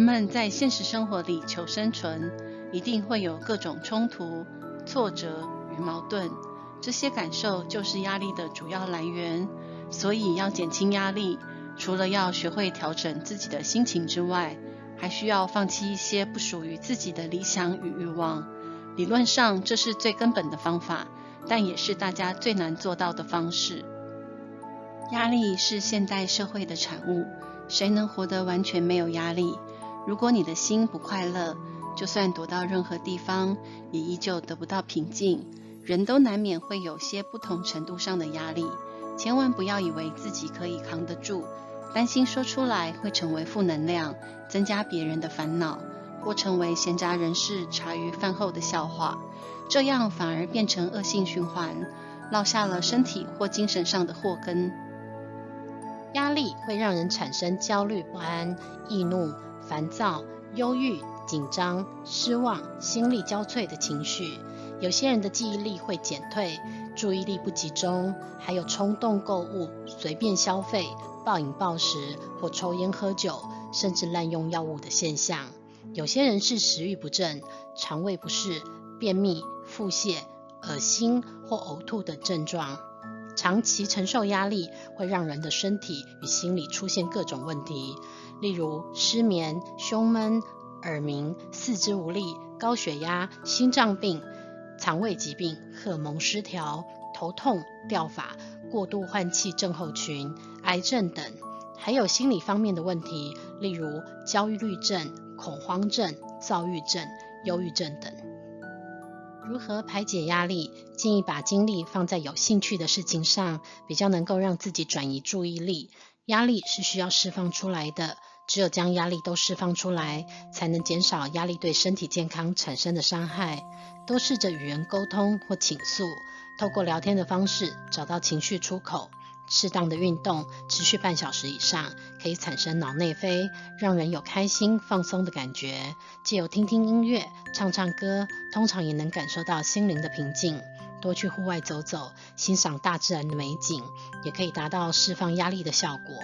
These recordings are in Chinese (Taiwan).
人們在現實生活裡求生存，一定會有各種衝突、挫折與矛盾，這些感受就是壓力的主要來源。所以要減輕壓力，除了要學會調整自己的心情之外，還需要放棄一些不屬於自己的理想與慾望。理論上這是最根本的方法，但也是大家最難做到的方式。壓力是現代社會的產物，誰能活得完全沒有壓力？如果你的心不快樂，就算躲到任何地方，也依舊得不到平靜。人都難免會有些不同程度上的壓力，千萬不要以為自己可以扛得住，擔心說出來會成為負能量，增加別人的煩惱，或成為閒雜人士茶餘飯後的笑話，這樣反而變成惡性循環，落下了身體或精神上的禍根。壓力會讓人產生焦慮、不安、易怒。煩躁、憂鬱、緊張、失望、心力交瘁的情緒，有些人的記憶力會減退，注意力不集中，還有衝動購物、隨便消費、暴飲暴食或抽菸喝酒，甚至濫用藥物的現象。有些人是食慾不振、腸胃不適、便秘、腹瀉、噁心或嘔吐的症狀。長期承受壓力會讓人的身體與心理出現各種問題，例如失眠、胸悶、耳鳴、四肢無力、高血壓、心臟病、腸胃疾病、荷爾蒙失調、頭痛、掉髮、過度換氣症候群、癌症等，還有心理方面的問題，例如焦慮症、恐慌症、躁鬱症、憂鬱症等。如何排解壓力？建議把精力放在有興趣的事情上，比較能夠讓自己轉移注意力。壓力是需要釋放出來的，只有將壓力都釋放出來，才能減少壓力對身體健康產生的傷害。多試着與人溝通或傾訴，透過聊天的方式找到情緒出口。適當的運動，持續半小時以上，可以產生腦內啡，讓人有開心、放鬆的感覺。借由聽聽音樂、唱唱歌，通常也能感受到心靈的平靜。多去戶外走走，欣賞大自然的美景，也可以達到釋放壓力的效果。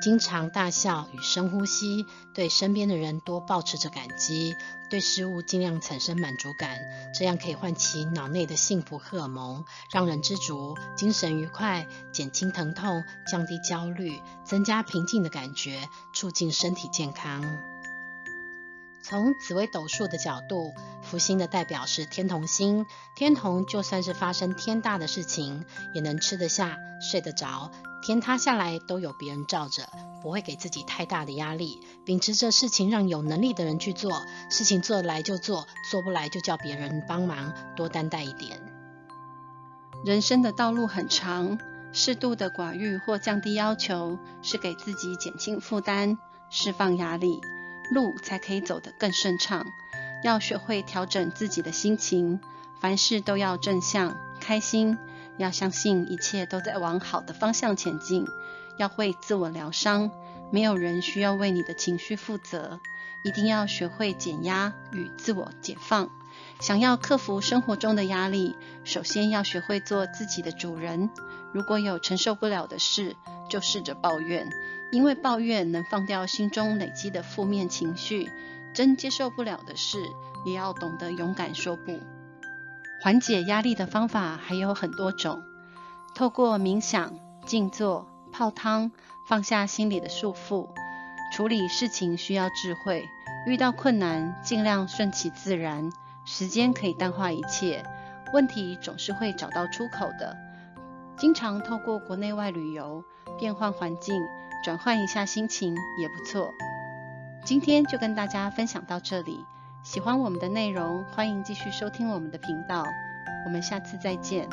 經常大笑與深呼吸，對身邊的人多保持着感激，對事物儘量產生滿足感，這樣可以喚起腦內的幸福荷爾蒙，讓人知足，精神愉快，減輕疼痛，降低焦慮，增加平靜的感覺，促進身體健康。從紫微斗數的角度，福星的代表是天同星，天同就算是發生天大的事情，也能吃得下，睡得着。天塌下來都有別人罩着，不會給自己太大的壓力。秉持着事情讓有能力的人去做，事情做得來就做，做不來就叫別人幫忙，多擔待一點。人生的道路很長，適度的寡欲或降低要求，是給自己減輕負擔、釋放壓力，路才可以走得更順暢。要學會調整自己的心情，凡事都要正向、開心。要相信一切都在往好的方向前進，要會自我療傷，沒有人需要為你的情緒負責。一定要學會減壓與自我解放。想要克服生活中的壓力，首先要學會做自己的主人。如果有承受不了的事，就試着抱怨，因為抱怨能放掉心中累積的負面情緒。真接受不了的事，也要懂得勇敢說不。緩解壓力的方法還有很多種，透過冥想、靜坐、泡湯，放下心裡的束縛；處理事情需要智慧，遇到困難盡量順其自然。時間可以淡化一切，問題總是會找到出口的。經常透過國內外旅遊，變換環境，轉換一下心情也不錯。今天就跟大家分享到這裡。喜歡我們的內容，歡迎繼續收聽我們的頻道。我們下次再見。